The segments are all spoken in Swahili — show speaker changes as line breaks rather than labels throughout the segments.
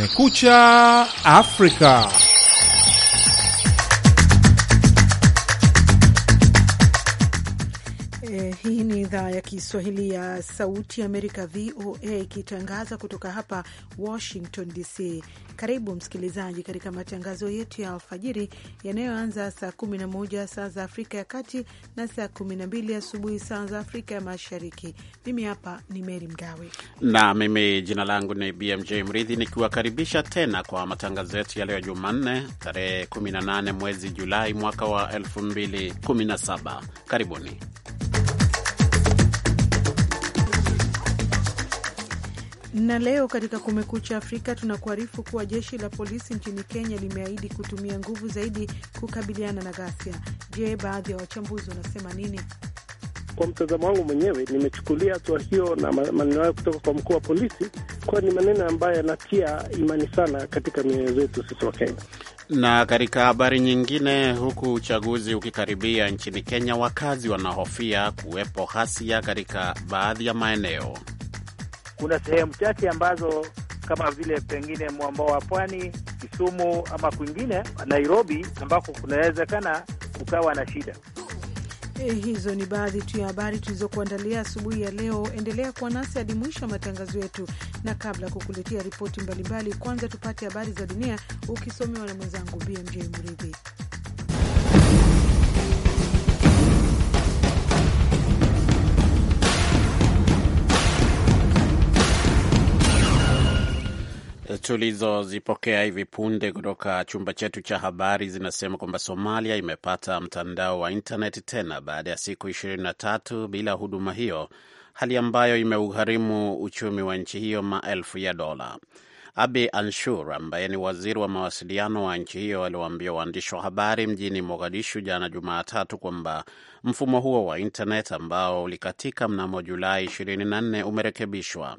escucha África.
Hii ni idhaa ya Kiswahili ya Sauti ya Amerika, VOA, ikitangaza kutoka hapa Washington DC. Karibu msikilizaji katika matangazo yetu ya alfajiri yanayoanza saa 11 saa za Afrika ya Kati na saa 12 asubuhi saa za Afrika ya Mashariki. Mimi hapa ni Meri Mgawe
na mimi jina langu ni BMJ Mridhi, nikiwakaribisha tena kwa matangazo yetu ya leo Jumanne tarehe 18 mwezi Julai mwaka wa 2017. Karibuni.
Na leo katika Kumekucha Afrika tunakuarifu kuwa jeshi la polisi nchini Kenya limeahidi kutumia nguvu zaidi kukabiliana na ghasia. Je, baadhi ya wachambuzi wanasema nini?
Kwa mtazamo wangu mwenyewe, nimechukulia hatua hiyo na maneno hayo kutoka kwa mkuu wa polisi, kwayo ni maneno ambayo yanatia imani sana katika mioyo zetu sisi wa Kenya.
Na katika habari nyingine, huku uchaguzi ukikaribia nchini Kenya, wakazi wanahofia kuwepo ghasia katika baadhi ya maeneo.
Kuna sehemu chache ambazo kama vile pengine mwambao wa pwani, Kisumu ama kwingine Nairobi, ambako kunawezekana kukawa na shida.
Eh, hizo ni baadhi tu ya habari tulizokuandalia asubuhi ya leo. Endelea kuwa nasi hadi mwisho wa matangazo yetu, na kabla ya kukuletea ripoti mbalimbali, kwanza tupate habari za dunia ukisomewa na mwenzangu BMJ Mridhi.
tulizozipokea hivi punde kutoka chumba chetu cha habari zinasema kwamba Somalia imepata mtandao wa intaneti tena baada ya siku ishirini na tatu bila huduma hiyo, hali ambayo imeugharimu uchumi wa nchi hiyo maelfu ya dola. Abi Anshur ambaye ni waziri wa mawasiliano wa nchi hiyo aliwaambia waandishi wa habari mjini Mogadishu jana Jumatatu kwamba mfumo huo wa intnet ambao ulikatika mnamo Julai 24 umerekebishwa.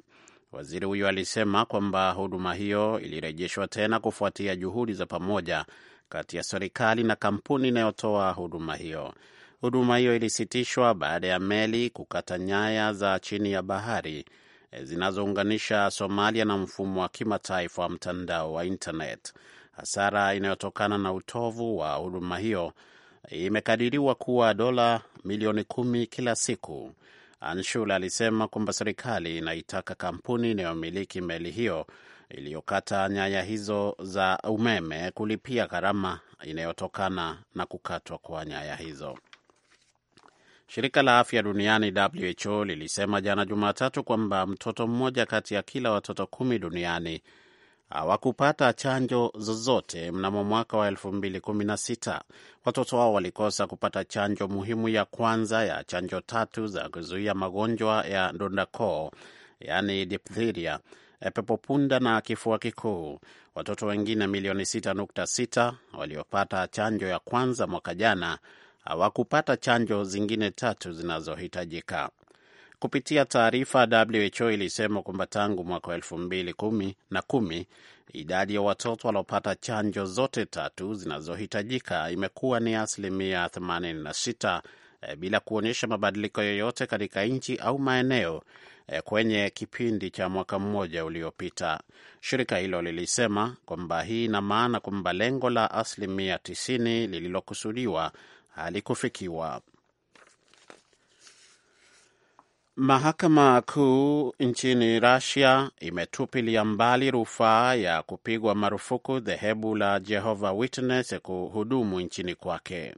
Waziri huyo alisema kwamba huduma hiyo ilirejeshwa tena kufuatia juhudi za pamoja kati ya serikali na kampuni inayotoa huduma hiyo. Huduma hiyo ilisitishwa baada ya meli kukata nyaya za chini ya bahari eh, zinazounganisha Somalia na mfumo wa kimataifa wa mtandao wa internet. Hasara inayotokana na utovu wa huduma hiyo eh, imekadiriwa kuwa dola milioni kumi kila siku. Anshul alisema kwamba serikali inaitaka kampuni inayomiliki meli hiyo iliyokata nyaya hizo za umeme kulipia gharama inayotokana na kukatwa kwa nyaya hizo. Shirika la afya duniani WHO lilisema jana Jumatatu kwamba mtoto mmoja kati ya kila watoto kumi duniani hawakupata chanjo zozote mnamo mwaka wa 2016. Watoto hao walikosa kupata chanjo muhimu ya kwanza ya chanjo tatu za kuzuia magonjwa ya ndondakoo, yaani diphtheria, eh, punda na kifua kikuu. Watoto wengine milioni 6.6 waliopata chanjo ya kwanza mwaka jana hawakupata chanjo zingine tatu zinazohitajika. Kupitia taarifa, WHO ilisema kwamba tangu mwaka wa elfu mbili kumi na kumi idadi ya watoto waliopata chanjo zote tatu zinazohitajika imekuwa ni asilimia 86 e, bila kuonyesha mabadiliko yoyote katika nchi au maeneo e, kwenye kipindi cha mwaka mmoja uliopita. Shirika hilo lilisema kwamba hii ina maana kwamba lengo la asilimia 90 lililokusudiwa halikufikiwa. Mahakama Kuu nchini Russia imetupilia mbali rufaa ya kupigwa marufuku dhehebu la jehova Witness kuhudumu nchini kwake.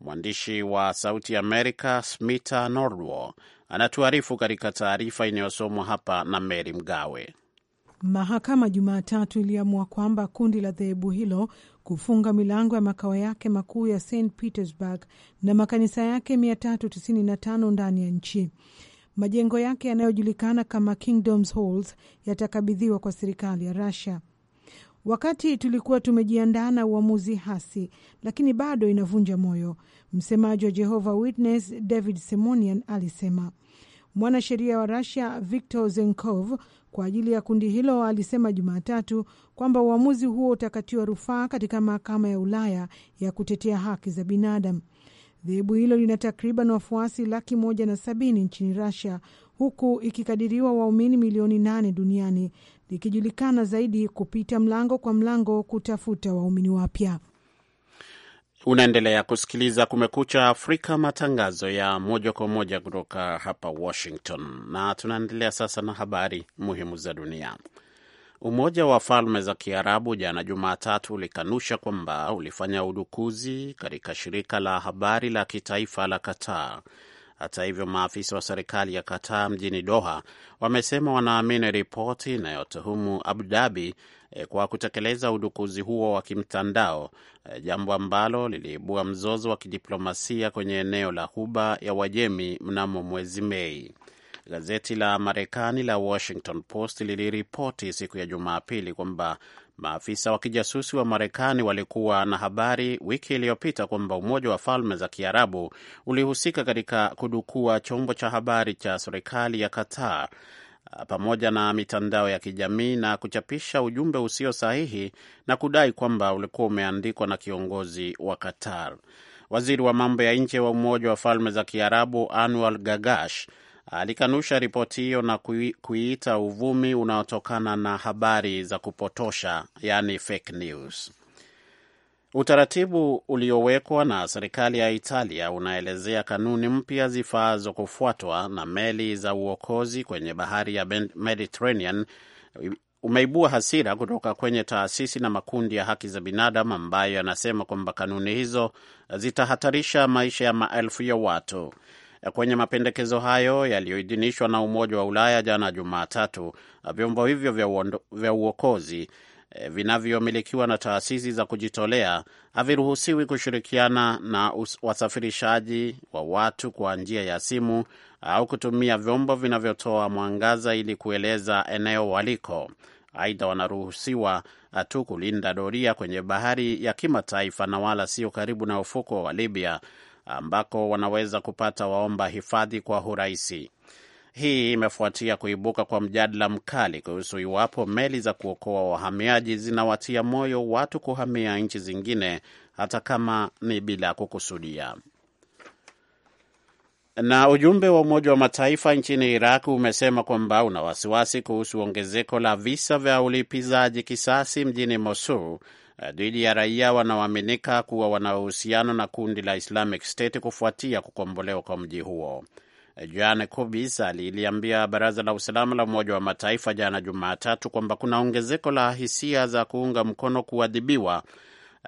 Mwandishi wa Sauti Amerika Smita Norwo anatuarifu katika taarifa inayosomwa hapa na Meri Mgawe.
Mahakama Jumatatu iliamua kwamba kundi la dhehebu hilo kufunga milango ya makao yake makuu ya St Petersburg na makanisa yake 395 ndani ya nchi. Majengo yake yanayojulikana kama Kingdoms Halls yatakabidhiwa kwa serikali ya Russia. Wakati tulikuwa tumejiandaa na uamuzi hasi, lakini bado inavunja moyo, msemaji wa Jehova Witness David Simonian alisema. Mwanasheria wa Rusia Victor Zenkov kwa ajili ya kundi hilo alisema Jumatatu kwamba uamuzi huo utakatiwa rufaa katika mahakama ya Ulaya ya kutetea haki za binadamu. Dhehebu hilo lina takriban wafuasi laki moja na sabini nchini rasia huku ikikadiriwa waumini milioni nane duniani, likijulikana zaidi kupita mlango kwa mlango kutafuta waumini wapya.
Unaendelea kusikiliza Kumekucha Afrika, matangazo ya moja kwa moja kutoka hapa Washington, na tunaendelea sasa na habari muhimu za dunia. Umoja wa Falme za Kiarabu jana Jumatatu ulikanusha kwamba ulifanya udukuzi katika shirika la habari la kitaifa la Qatar hata hivyo, maafisa wa serikali ya Qatar mjini Doha wamesema wanaamini ripoti inayotuhumu Abu Dhabi eh, kwa kutekeleza udukuzi huo wa kimtandao, eh, jambo ambalo liliibua mzozo wa kidiplomasia kwenye eneo la huba ya wajemi mnamo mwezi Mei. Gazeti la Marekani la Washington Post liliripoti siku ya Jumapili kwamba Maafisa wa kijasusi wa Marekani walikuwa na habari wiki iliyopita kwamba Umoja wa Falme za Kiarabu ulihusika katika kudukua chombo cha habari cha serikali ya Qatar ah, pamoja na mitandao ya kijamii na kuchapisha ujumbe usio sahihi na kudai kwamba ulikuwa umeandikwa na kiongozi wa Qatar. Waziri wa mambo ya nje wa Umoja wa Falme za Kiarabu Anwar Gagash alikanusha ripoti hiyo na kuiita uvumi unaotokana na habari za kupotosha, yani fake news. Utaratibu uliowekwa na serikali ya Italia unaelezea kanuni mpya zifaazo kufuatwa na meli za uokozi kwenye bahari ya Mediterranean umeibua hasira kutoka kwenye taasisi na makundi ya haki za binadamu ambayo yanasema kwamba kanuni hizo zitahatarisha maisha ya maelfu ya watu kwenye mapendekezo hayo yaliyoidhinishwa na Umoja wa Ulaya jana Jumatatu, vyombo hivyo vya, uondo, vya uokozi e, vinavyomilikiwa na taasisi za kujitolea haviruhusiwi kushirikiana na wasafirishaji wa watu kwa njia ya simu au kutumia vyombo vinavyotoa mwangaza ili kueleza eneo waliko. Aidha, wanaruhusiwa ah, tu kulinda doria kwenye bahari ya kimataifa na wala sio karibu na ufuko wa Libya ambako wanaweza kupata waomba hifadhi kwa urahisi. Hii imefuatia kuibuka kwa mjadala mkali kuhusu iwapo meli za kuokoa wahamiaji zinawatia moyo watu kuhamia nchi zingine hata kama ni bila kukusudia. Na ujumbe wa Umoja wa Mataifa nchini Iraq umesema kwamba una wasiwasi kuhusu ongezeko la visa vya ulipizaji kisasi mjini Mosul eh, dhidi ya raia wanaoaminika kuwa wana uhusiano na kundi la Islamic State kufuatia kukombolewa kwa mji huo. Eh, Jan Kubis aliliambia baraza la usalama la Umoja wa Mataifa jana Jumatatu kwamba kuna ongezeko la hisia za kuunga mkono kuadhibiwa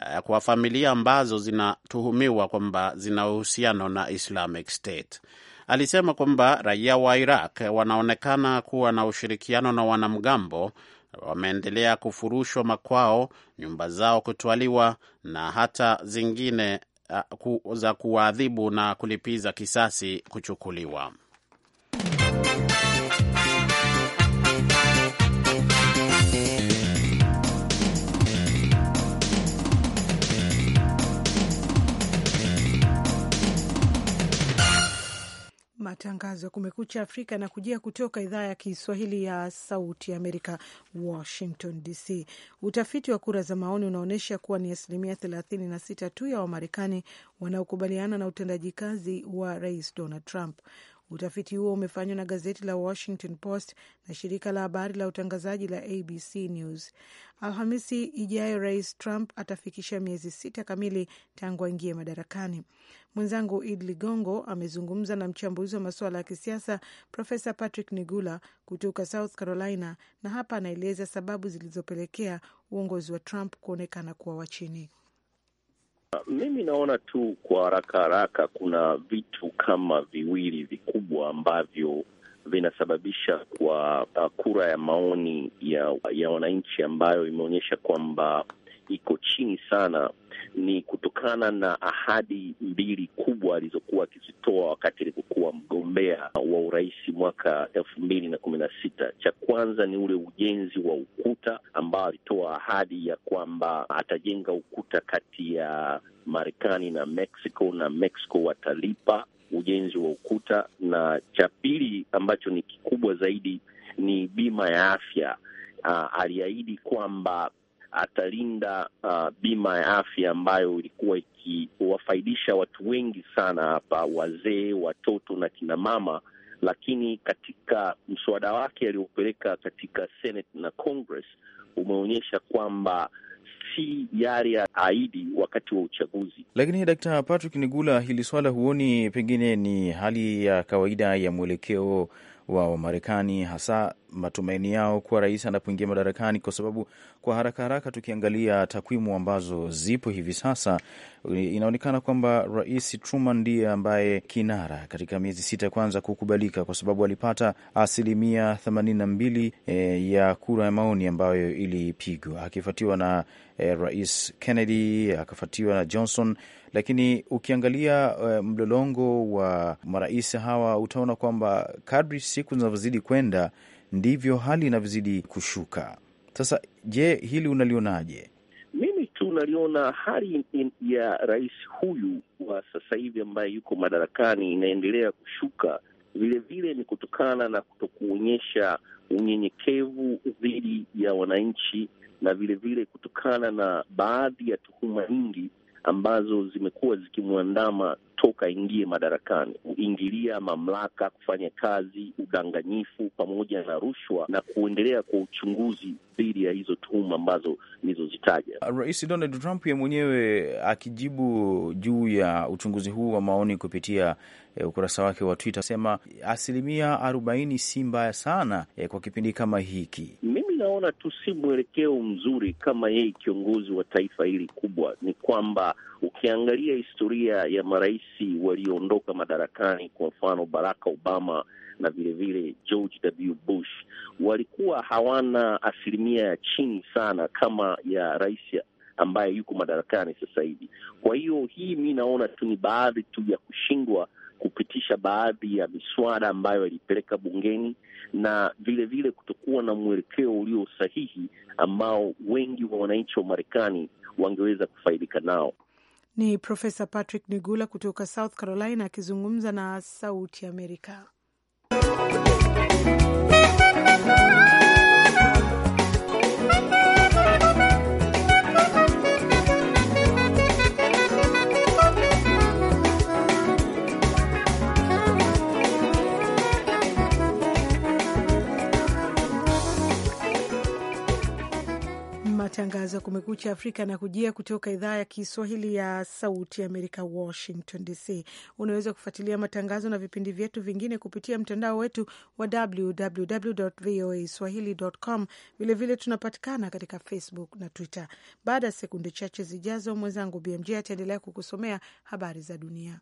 Eh, kwa familia ambazo zinatuhumiwa kwamba zina uhusiano na Islamic State. Alisema kwamba raia wa Iraq wanaonekana kuwa na ushirikiano na wanamgambo, wameendelea kufurushwa makwao, nyumba zao kutwaliwa na hata zingine eh, za kuwaadhibu na kulipiza kisasi kuchukuliwa.
Matangazo ya Kumekucha Afrika na kujia kutoka idhaa ya Kiswahili ya Sauti Amerika, Washington DC. Utafiti wa kura za maoni unaonyesha kuwa ni asilimia 36 tu ya Wamarekani wanaokubaliana na utendaji kazi wa Rais Donald Trump. Utafiti huo umefanywa na gazeti la Washington Post na shirika la habari la utangazaji la ABC News. Alhamisi ijayo Rais Trump atafikisha miezi sita kamili tangu aingie madarakani. Mwenzangu Id Ligongo amezungumza na mchambuzi wa masuala ya kisiasa Profesa Patrick Nigula kutoka South Carolina, na hapa anaeleza sababu zilizopelekea uongozi wa Trump kuonekana kuwa wa chini.
Mimi naona tu kwa haraka haraka, kuna vitu kama viwili vikubwa ambavyo vinasababisha kwa uh, kura ya maoni ya, ya wananchi ambayo imeonyesha kwamba iko chini sana ni kutokana na ahadi mbili kubwa alizokuwa akizitoa wakati alipokuwa mgombea wa urais mwaka elfu mbili na kumi na sita. Cha kwanza ni ule ujenzi wa ukuta ambao alitoa ahadi ya kwamba atajenga ukuta kati ya Marekani na Mexico na Mexico watalipa ujenzi wa ukuta, na cha pili ambacho ni kikubwa zaidi ni bima ya afya. Ah, aliahidi kwamba atalinda uh, bima ya afya ambayo ilikuwa ikiwafaidisha watu wengi sana hapa, wazee, watoto na kina mama. Lakini katika mswada wake aliopeleka katika Senate na Congress umeonyesha kwamba si yale ya ahidi wakati wa uchaguzi.
Lakini Dkt. Patrick Nigula, hili swala huoni pengine ni hali ya kawaida ya mwelekeo wa Wamarekani hasa matumaini yao kuwa rais anapoingia madarakani, kwa sababu kwa haraka haraka tukiangalia takwimu ambazo zipo hivi sasa inaonekana kwamba rais Truman ndiye ambaye kinara katika miezi sita kwanza kukubalika, kwa sababu alipata asilimia themanini na mbili e, ya kura ya maoni ambayo ilipigwa, akifuatiwa na e, rais Kennedy akafuatiwa na Johnson. Lakini ukiangalia e, mlolongo wa marais hawa utaona kwamba kadri siku zinavyozidi kwenda ndivyo hali inavyozidi kushuka. Sasa je, hili unalionaje?
Mimi tu naliona hali ya rais huyu wa sasa hivi ambaye yuko madarakani inaendelea kushuka, vilevile ni kutokana na kutokuonyesha unyenyekevu dhidi ya wananchi na vilevile kutokana na baadhi ya tuhuma nyingi ambazo zimekuwa zikimwandama toka ingie madarakani: kuingilia mamlaka, kufanya kazi, udanganyifu pamoja na rushwa, na kuendelea kwa uchunguzi dhidi ya hizo tuhuma ambazo nilizozitaja.
Rais Donald Trump ye mwenyewe akijibu juu ya uchunguzi huu wa maoni kupitia eh, ukurasa wake wa Twitter sema asilimia arobaini si mbaya sana eh, kwa kipindi kama hiki.
Mimu naona tu si mwelekeo mzuri kama yeye kiongozi wa taifa hili kubwa. Ni kwamba ukiangalia historia ya marais walioondoka madarakani, kwa mfano Barack Obama na vilevile George W. Bush, walikuwa hawana asilimia ya chini sana kama ya rais ambaye yuko madarakani sasa hivi. Kwa hiyo hii mi naona tu ni baadhi tu ya kushindwa kupitisha baadhi ya miswada ambayo yalipeleka bungeni na vilevile vile kutokuwa na mwelekeo ulio sahihi ambao wengi wa wananchi wa Marekani wangeweza kufaidika nao.
Ni Profesa Patrick Nigula kutoka South Carolina akizungumza na Sauti Amerika. Matangazo ya Kumekucha Afrika na kujia kutoka idhaa ya Kiswahili ya Sauti Amerika, Washington DC. Unaweza kufuatilia matangazo na vipindi vyetu vingine kupitia mtandao wetu wa www voa swahili.com. Vilevile tunapatikana katika Facebook na Twitter. Baada ya sekunde chache zijazo, mwenzangu BMJ ataendelea kukusomea habari za dunia.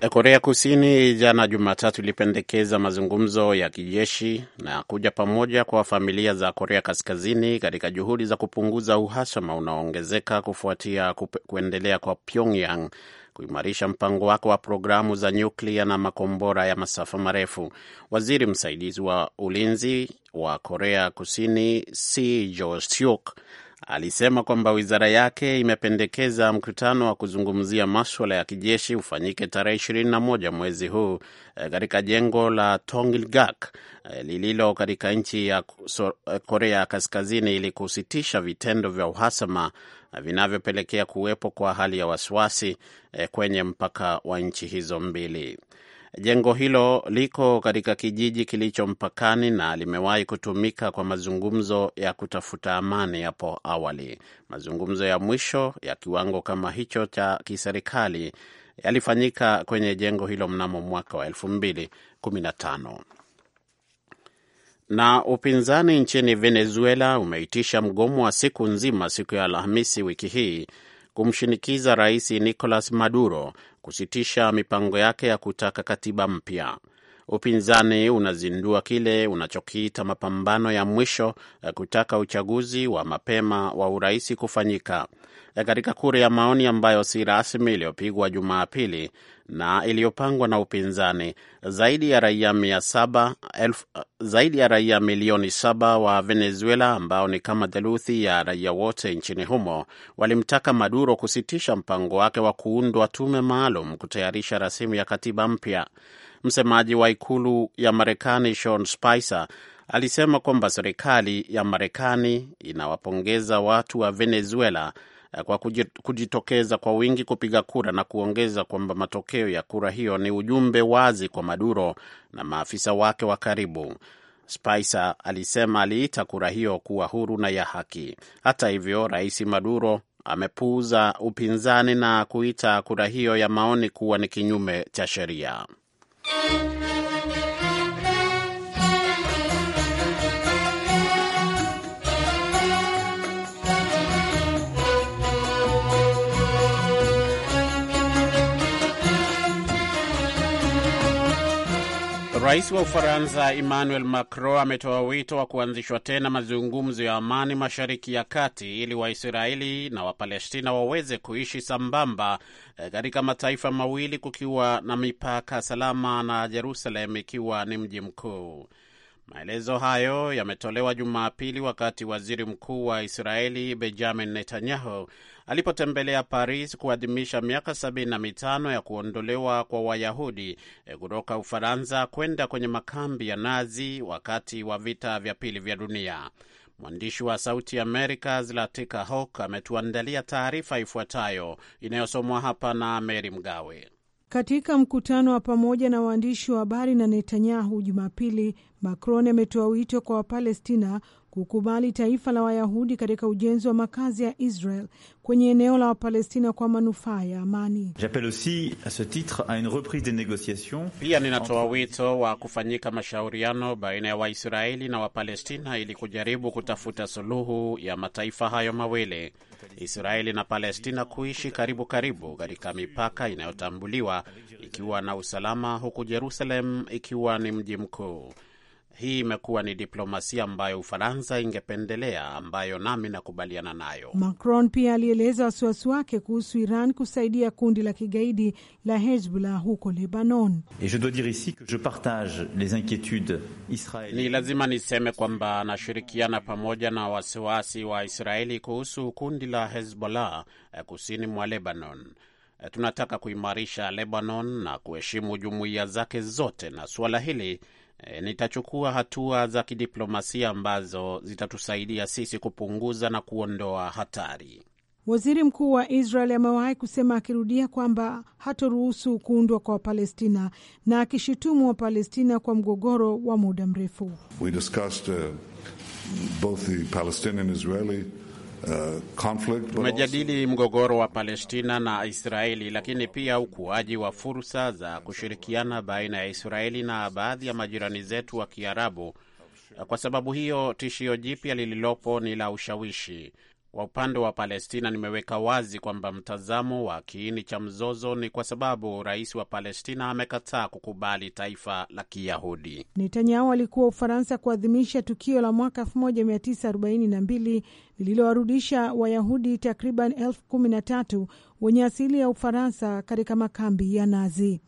Eh, Korea Kusini jana Jumatatu ilipendekeza mazungumzo ya kijeshi na kuja pamoja kwa familia za Korea Kaskazini katika juhudi za kupunguza uhasama unaoongezeka kufuatia kuendelea kwa Pyongyang kuimarisha mpango wake wa programu za nyuklia na makombora ya masafa marefu. Waziri msaidizi wa ulinzi wa Korea Kusini Si Jo Seok alisema kwamba wizara yake imependekeza mkutano wa kuzungumzia maswala ya kijeshi ufanyike tarehe ishirini na moja mwezi huu eh, katika jengo la Tongilgak eh, lililo katika nchi ya eh, Korea Kaskazini ili kusitisha vitendo vya uhasama vinavyopelekea kuwepo kwa hali ya wasiwasi kwenye mpaka wa nchi hizo mbili. Jengo hilo liko katika kijiji kilicho mpakani na limewahi kutumika kwa mazungumzo ya kutafuta amani hapo awali. Mazungumzo ya mwisho ya kiwango kama hicho cha kiserikali yalifanyika kwenye jengo hilo mnamo mwaka wa elfu Na upinzani nchini Venezuela umeitisha mgomo wa siku nzima siku ya Alhamisi wiki hii kumshinikiza Rais Nicolas Maduro kusitisha mipango yake ya kutaka katiba mpya upinzani unazindua kile unachokiita mapambano ya mwisho eh, kutaka uchaguzi wa mapema wa urais kufanyika. Eh, katika kura ya maoni ambayo si rasmi iliyopigwa Jumapili na iliyopangwa na upinzani, zaidi ya raia mia saba elfu, eh, zaidi ya raia milioni saba wa Venezuela ambao ni kama theluthi ya raia wote nchini humo walimtaka Maduro kusitisha mpango wake wa kuundwa tume maalum kutayarisha rasimu ya katiba mpya. Msemaji wa ikulu ya Marekani Sean Spicer alisema kwamba serikali ya Marekani inawapongeza watu wa Venezuela kwa kujitokeza kwa wingi kupiga kura na kuongeza kwamba matokeo ya kura hiyo ni ujumbe wazi kwa Maduro na maafisa wake wa karibu. Spicer alisema aliita kura hiyo kuwa huru na ya haki. Hata hivyo, Rais Maduro amepuuza upinzani na kuita kura hiyo ya maoni kuwa ni kinyume cha sheria. Thank you. Rais wa Ufaransa Emmanuel Macron ametoa wito wa kuanzishwa tena mazungumzo ya amani Mashariki ya Kati ili Waisraeli na Wapalestina waweze kuishi sambamba eh, katika mataifa mawili kukiwa na mipaka salama na Jerusalem ikiwa ni mji mkuu. Maelezo hayo yametolewa Jumapili wakati waziri mkuu wa Israeli Benjamin Netanyahu alipotembelea Paris kuadhimisha miaka sabini na mitano ya kuondolewa kwa Wayahudi eh, kutoka Ufaransa kwenda kwenye makambi ya Nazi wakati wa vita vya pili vya dunia. Mwandishi wa Sauti Amerika Zlatika Hawk ametuandalia taarifa ifuatayo inayosomwa hapa na Meri Mgawe.
Katika mkutano wa pamoja na waandishi wa habari na Netanyahu Jumapili, Macron ametoa wito kwa Wapalestina kukubali taifa la Wayahudi katika ujenzi wa makazi ya Israel kwenye eneo la Wapalestina kwa manufaa ya amani.
Pia ninatoa wito wa kufanyika mashauriano baina ya Waisraeli na Wapalestina ili kujaribu kutafuta suluhu ya mataifa hayo mawili, Israeli na Palestina kuishi karibu karibu katika mipaka inayotambuliwa ikiwa na usalama, huku Jerusalem ikiwa ni mji mkuu. Hii imekuwa ni diplomasia ambayo Ufaransa ingependelea, ambayo nami nakubaliana nayo.
Macron pia alieleza wasiwasi wake kuhusu Iran kusaidia kundi la kigaidi la Hezbollah huko Lebanon.
Ni lazima niseme kwamba anashirikiana pamoja na wasiwasi wa Israeli kuhusu kundi la Hezbollah eh, kusini mwa Lebanon. Eh, tunataka kuimarisha Lebanon na kuheshimu jumuiya zake zote, na suala hili e, nitachukua hatua za kidiplomasia ambazo zitatusaidia sisi kupunguza na kuondoa hatari.
Waziri mkuu wa Israel amewahi kusema akirudia kwamba hatoruhusu kuundwa kwa Wapalestina na akishutumu Wapalestina kwa mgogoro wa muda mrefu.
We discussed, uh, both the Palestinian Israeli Uh, tumejadili mgogoro wa Palestina na Israeli, lakini pia ukuaji wa fursa za kushirikiana baina ya Israeli na baadhi ya majirani zetu wa Kiarabu. Kwa sababu hiyo, tishio jipya lililopo ni la ushawishi. Kwa upande wa Palestina, nimeweka wazi kwamba mtazamo wa kiini cha mzozo ni kwa sababu rais wa Palestina amekataa kukubali taifa la Kiyahudi.
Netanyahu alikuwa Ufaransa kuadhimisha tukio la mwaka 1942 lililowarudisha Wayahudi takriban elfu kumi na tatu wenye asili ya Ufaransa katika makambi ya Nazi.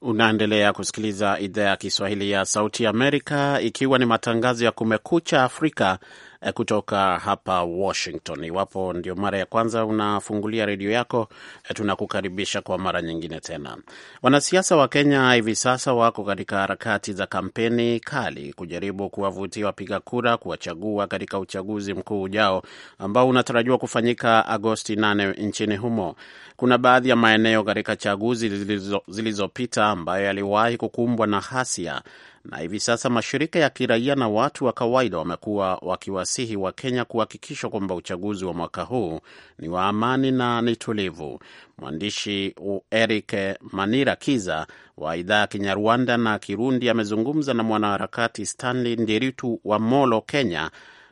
Unaendelea kusikiliza idhaa ya Kiswahili ya Sauti Amerika, ikiwa ni matangazo ya Kumekucha Afrika Eh, kutoka hapa Washington. Iwapo ndio mara ya kwanza unafungulia redio yako, eh, tunakukaribisha kwa mara nyingine tena. Wanasiasa wa Kenya hivi sasa wako katika harakati za kampeni kali kujaribu kuwavutia wapiga kura kuwachagua katika uchaguzi mkuu ujao ambao unatarajiwa kufanyika Agosti 8 nchini humo. Kuna baadhi ya maeneo katika chaguzi zilizopita zilizo ambayo yaliwahi kukumbwa na hasia na hivi sasa mashirika ya kiraia na watu wa kawaida wamekuwa wakiwasihi Wakenya kuhakikisha kwamba uchaguzi wa mwaka huu ni wa amani na ni tulivu. Mwandishi Eric Manira Kiza wa idhaa ya Kinyarwanda na Kirundi amezungumza na mwanaharakati Stanley Ndiritu wa Molo, Kenya,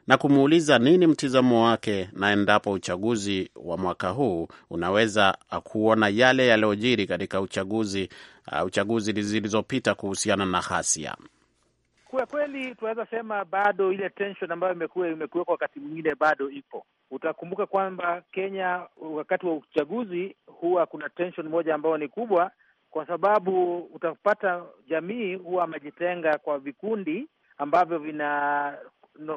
na kumuuliza nini mtizamo wake na endapo uchaguzi wa mwaka huu unaweza kuona yale yaliyojiri katika uchaguzi uh, uchaguzi zilizopita kuhusiana na ghasia.
Kwa kweli tunaweza sema bado ile tension ambayo imekuwa imekuwekwa wakati mwingine bado ipo. Utakumbuka kwamba Kenya wakati wa uchaguzi huwa kuna tension moja ambayo ni kubwa, kwa sababu utapata jamii huwa amejitenga kwa vikundi ambavyo vina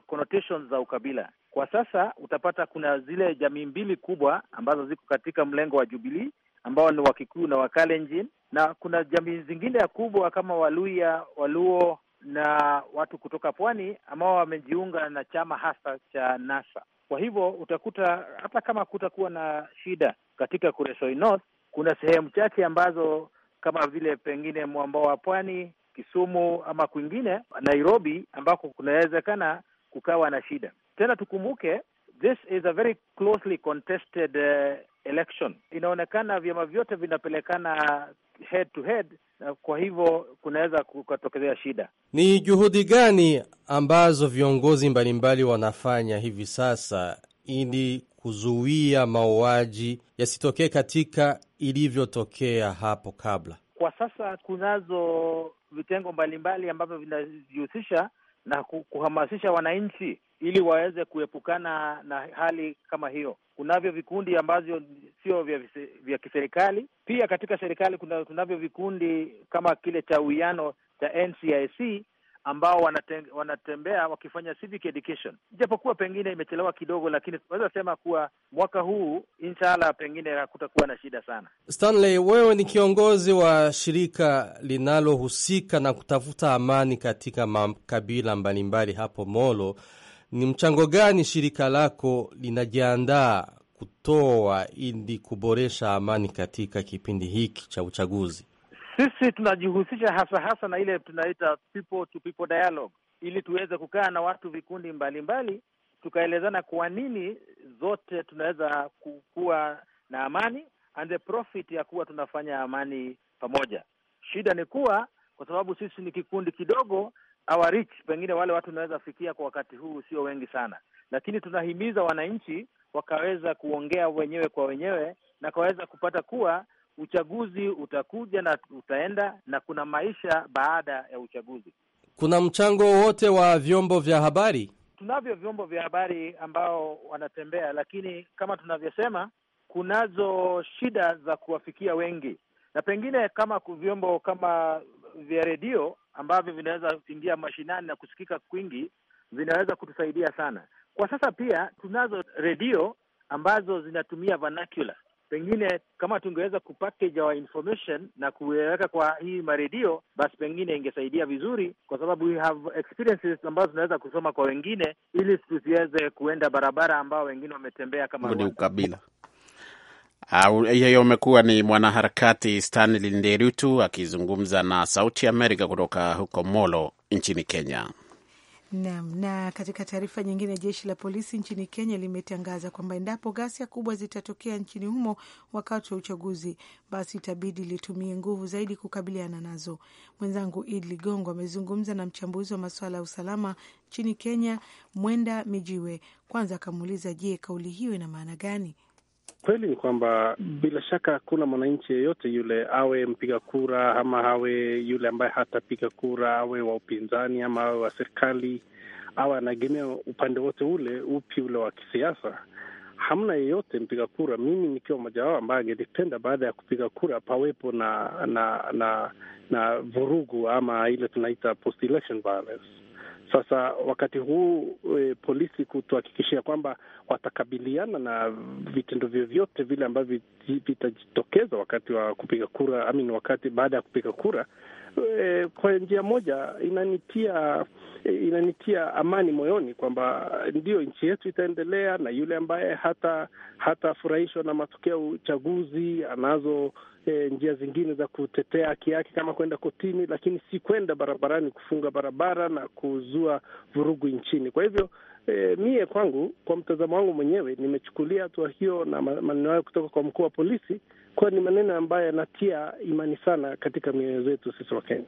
connotations za ukabila. Kwa sasa utapata kuna zile jamii mbili kubwa ambazo ziko katika mlengo wa jubilii ambao ni Wakikuyu na Wakalenjin, na kuna jamii zingine ya kubwa kama Waluya, Waluo na watu kutoka pwani ambao wamejiunga na chama hasa cha NASA. Kwa hivyo utakuta hata kama kutakuwa na shida katika Kuresoi North, kuna sehemu chache ambazo kama vile pengine mwambao wa pwani Kisumu ama kwingine Nairobi, ambako kunawezekana kukawa na shida tena. Tukumbuke this is a very closely contested uh, election. Inaonekana vyama vyote vinapelekana head to head, na kwa hivyo kunaweza kukatokezea shida. Ni juhudi gani ambazo viongozi mbalimbali wanafanya hivi sasa ili kuzuia mauaji yasitokee katika ilivyotokea hapo kabla? Kwa sasa kunazo vitengo mbalimbali ambavyo vinajihusisha na kuhamasisha wananchi ili waweze kuepukana na hali kama hiyo. Kunavyo vikundi ambavyo sio vya, vya kiserikali. Pia katika serikali kunavyo vikundi kama kile cha uwiano cha NCIC ambao wanatembea wakifanya civic education, ijapokuwa pengine imechelewa kidogo, lakini tunaweza sema kuwa mwaka huu inshallah pengine hakutakuwa na shida sana. Stanley, wewe ni kiongozi wa shirika linalohusika na kutafuta amani katika makabila mbalimbali hapo Molo. Ni mchango gani shirika lako linajiandaa kutoa ili kuboresha amani katika kipindi hiki cha uchaguzi? Sisi tunajihusisha hasa hasa na ile tunaita people to people dialogue, ili tuweze kukaa na watu vikundi mbalimbali, tukaelezana kwa nini zote tunaweza kuwa na amani and the profit ya kuwa tunafanya amani pamoja. Shida ni kuwa kwa sababu sisi ni kikundi kidogo, our reach pengine wale watu unaweza fikia kwa wakati huu sio wengi sana, lakini tunahimiza wananchi wakaweza kuongea wenyewe kwa wenyewe na kaweza kupata kuwa uchaguzi utakuja na utaenda, na kuna maisha baada ya uchaguzi.
Kuna mchango wote wa vyombo vya
habari?
Tunavyo vyombo vya habari ambao wanatembea, lakini kama tunavyosema, kunazo shida za kuwafikia wengi, na pengine kama vyombo kama vya redio ambavyo vinaweza kuingia mashinani na kusikika kwingi, vinaweza kutusaidia sana. Kwa sasa pia tunazo redio ambazo zinatumia vernacular pengine kama tungeweza kupackage our information na kuweka kwa hii maredio, basi pengine ingesaidia vizuri, kwa sababu we have experiences ambazo tunaweza kusoma kwa wengine, ili tusiweze kuenda barabara ambao wengine wametembea kama ni
ukabila. amekuwa ni mwanaharakati Stanley Nderutu akizungumza na Sauti Amerika kutoka huko Molo nchini Kenya.
Naam. Na katika taarifa nyingine, jeshi la polisi nchini Kenya limetangaza kwamba endapo ghasia kubwa zitatokea nchini humo wakati wa uchaguzi, basi itabidi litumie nguvu zaidi kukabiliana nazo. Mwenzangu Id Ligongo amezungumza na mchambuzi wa masuala ya usalama nchini Kenya, Mwenda Mijiwe, kwanza akamuuliza, je, kauli hiyo ina maana gani?
Kweli ni kwamba mm. bila shaka hakuna mwananchi yeyote yule, awe mpiga kura ama awe yule ambaye hatapiga kura, awe wa upinzani ama awe wa serikali, awe anaegemea upande wote ule upi ule wa kisiasa. Hamna yeyote mpiga kura, mimi nikiwa mmoja wao, ambaye angelipenda baada ya kupiga kura pawepo na na na, na vurugu ama ile tunaita post election violence. Sasa wakati huu e, polisi kutuhakikishia kwamba watakabiliana na vitendo vyovyote vile ambavyo vitajitokeza wakati wa kupiga kura amin, wakati baada ya kupiga kura e, kwa njia moja inanitia inanitia amani moyoni kwamba ndio nchi yetu itaendelea, na yule ambaye hata hatafurahishwa na matokeo ya uchaguzi anazo e, njia zingine za kutetea haki yake kama kwenda kotini, lakini si kwenda barabarani kufunga barabara na kuzua vurugu nchini. Kwa hivyo e, mie kwangu, kwa mtazamo wangu mwenyewe, nimechukulia hatua hiyo na maneno hayo kutoka kwa mkuu wa polisi kuwa ni maneno ambayo yanatia imani sana katika mioyo zetu sisi kenya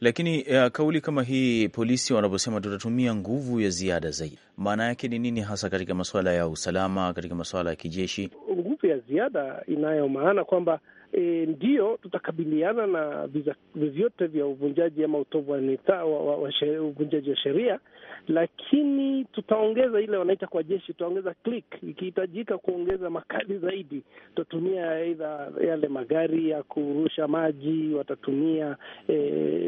Lakini uh, kauli kama hii polisi wanaposema tutatumia nguvu ya ziada zaidi, maana yake ni nini hasa katika masuala ya usalama, katika masuala ya kijeshi?
Nguvu ya ziada inayo maana kwamba e, ndio tutakabiliana na vyote vya uvunjaji ama utovu wa nidhamu, uvunjaji wa sheria, lakini tutaongeza ile wanaita kwa jeshi, tutaongeza click. Ikihitajika kuongeza makali zaidi, tutatumia aidha yale magari ya kurusha maji, watatumia e,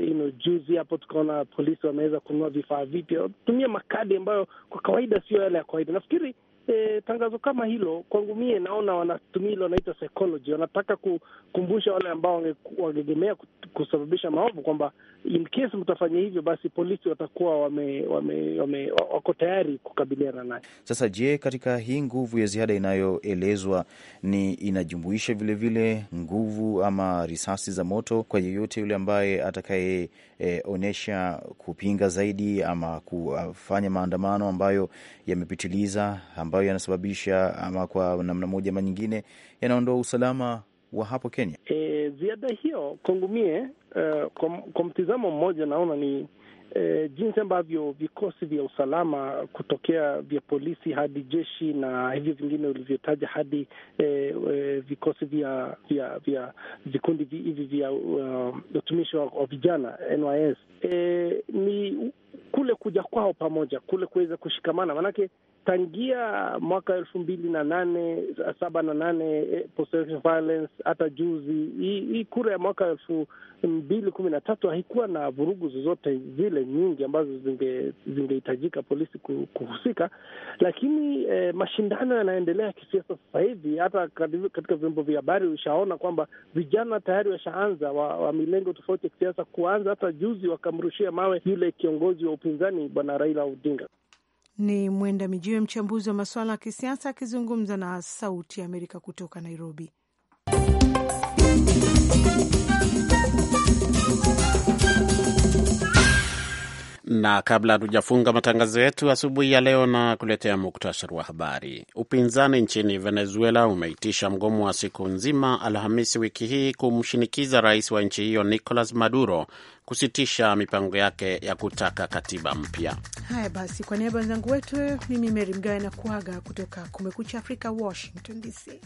ino juzi hapo tukaona polisi wameweza kununua vifaa vipya, watatumia makali ambayo kwa kawaida sio yale ya kawaida. Nafikiri e, tangazo kama hilo kwangu mie naona wanatumia ile wanaita psychology, wanataka kukumbusha wale ambao wangegemea kusababisha maovu kwamba in case mtafanya hivyo, basi polisi watakuwa wame, wame, wame, wako tayari kukabiliana naye.
Sasa je, katika hii nguvu ya ziada inayoelezwa ni inajumuisha vilevile nguvu ama risasi za moto kwa yeyote yule ambaye atakayeonyesha e, kupinga zaidi ama kufanya maandamano ambayo yamepitiliza amba ambayo yanasababisha ama kwa namna moja ama nyingine yanaondoa usalama wa hapo Kenya. E, ziada hiyo kongumie uh,
e, kwa mtizamo mmoja naona ni E, jinsi ambavyo vikosi vya usalama kutokea vya polisi hadi jeshi na hivyo vingine ulivyotaja hadi e, e, vikosi vya vya vya vikundi hivi vya uh, utumishi uh, wa vijana NYS e, ni kule kuja kwao pamoja, kule kuweza kushikamana, maanake tangia mwaka elfu mbili na nane saba na nane eh, violence, hata juzi hii kura ya mwaka elfu mbili kumi na tatu haikuwa na vurugu zozote zile nyingi ambazo zingehitajika zinge polisi kuhusika, lakini eh, mashindano yanaendelea kisiasa sasa hivi. Hata katika vyombo vya habari ushaona kwamba vijana tayari washaanza wa, wa milengo tofauti ya kisiasa kuanza. Hata juzi wakamrushia mawe yule kiongozi wa upinzani Bwana Raila Odinga.
Ni Mwenda Mijiwe, mchambuzi wa masuala ya kisiasa akizungumza na Sauti ya Amerika kutoka Nairobi.
Na kabla hatujafunga matangazo yetu asubuhi ya leo na kuletea muktasari wa habari, upinzani nchini Venezuela umeitisha mgomo wa siku nzima Alhamisi wiki hii kumshinikiza rais wa nchi hiyo Nicolas Maduro kusitisha mipango yake ya kutaka katiba mpya.
Haya basi, kwa niaba wenzangu wetu, mimi Meri Mgawe na kuaga kutoka Kumekucha Afrika, Washington DC.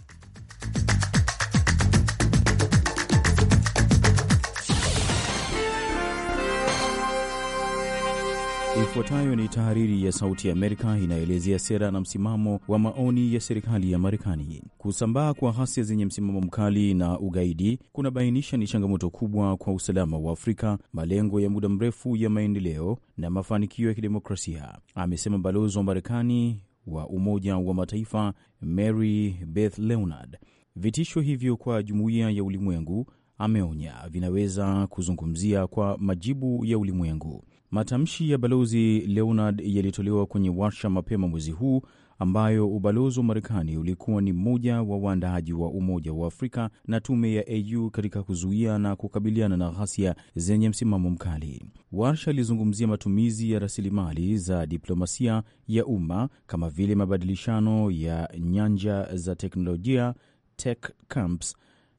Ifuatayo ni tahariri ya Sauti ya Amerika inayoelezea sera na msimamo wa maoni ya serikali ya Marekani. Kusambaa kwa ghasia zenye msimamo mkali na ugaidi kunabainisha ni changamoto kubwa kwa usalama wa Afrika, malengo ya muda mrefu ya maendeleo na mafanikio ya kidemokrasia, amesema balozi wa Marekani wa Umoja wa Mataifa Mary Beth Leonard. Vitisho hivyo kwa jumuiya ya ulimwengu ameonya vinaweza kuzungumzia kwa majibu ya ulimwengu. Matamshi ya Balozi Leonard yalitolewa kwenye warsha mapema mwezi huu ambayo ubalozi wa Marekani ulikuwa ni mmoja wa waandaaji wa Umoja wa Afrika na tume ya AU katika kuzuia na kukabiliana na ghasia zenye msimamo mkali. Warsha ilizungumzia matumizi ya rasilimali za diplomasia ya umma kama vile mabadilishano ya nyanja za teknolojia tech camps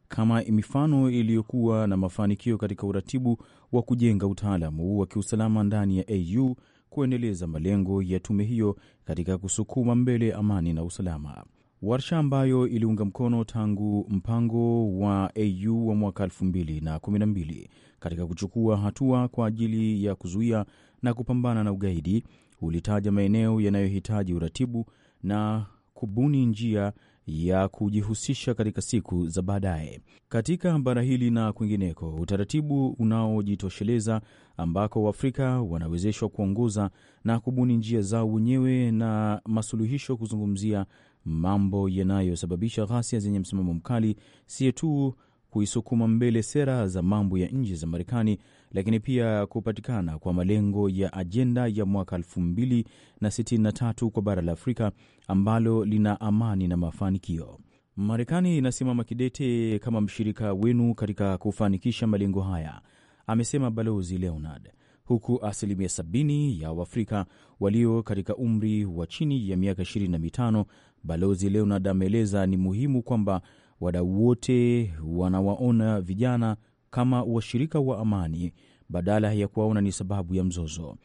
kama mifano iliyokuwa na mafanikio katika uratibu wa kujenga utaalamu wa kiusalama ndani ya AU, kuendeleza malengo ya tume hiyo katika kusukuma mbele amani na usalama. Warsha ambayo iliunga mkono tangu mpango wa AU wa mwaka mbili katika kuchukua hatua kwa ajili ya kuzuia na kupambana na ugaidi, ulitaja maeneo yanayohitaji uratibu na kubuni njia ya kujihusisha katika siku za baadaye. Katika bara hili na kwingineko, utaratibu unaojitosheleza ambako Waafrika wanawezeshwa kuongoza na kubuni njia zao wenyewe na masuluhisho, kuzungumzia mambo yanayosababisha ghasia zenye msimamo mkali, sie tu kuisukuma mbele sera za mambo ya nje za Marekani, lakini pia kupatikana kwa malengo ya ajenda ya mwaka 2063 kwa bara la Afrika ambalo lina amani na mafanikio. Marekani inasimama kidete kama mshirika wenu katika kufanikisha malengo haya, amesema Balozi Leonard, huku asilimia 70 ya Waafrika walio katika umri wa chini ya miaka 25. Balozi Leonard ameeleza ni muhimu kwamba wadau wote wanawaona vijana kama washirika wa amani badala ya kuwaona ni sababu ya mzozo.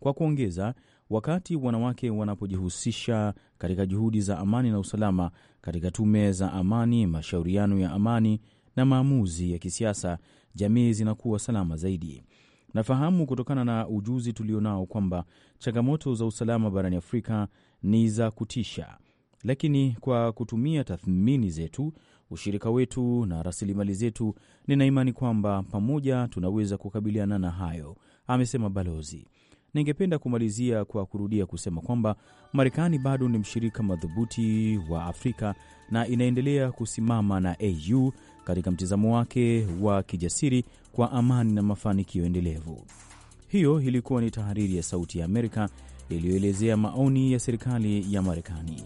Kwa kuongeza, wakati wanawake wanapojihusisha katika juhudi za amani na usalama katika tume za amani, mashauriano ya amani na maamuzi ya kisiasa, jamii zinakuwa salama zaidi. Nafahamu kutokana na ujuzi tulionao kwamba changamoto za usalama barani Afrika ni za kutisha, lakini kwa kutumia tathmini zetu ushirika wetu na rasilimali zetu, nina imani kwamba pamoja tunaweza kukabiliana na hayo, amesema balozi. Ningependa kumalizia kwa kurudia kusema kwamba Marekani bado ni mshirika madhubuti wa Afrika na inaendelea kusimama na AU katika mtizamo wake wa kijasiri kwa amani na mafanikio endelevu. Hiyo ilikuwa ni tahariri ya Sauti ya Amerika iliyoelezea maoni ya serikali ya Marekani.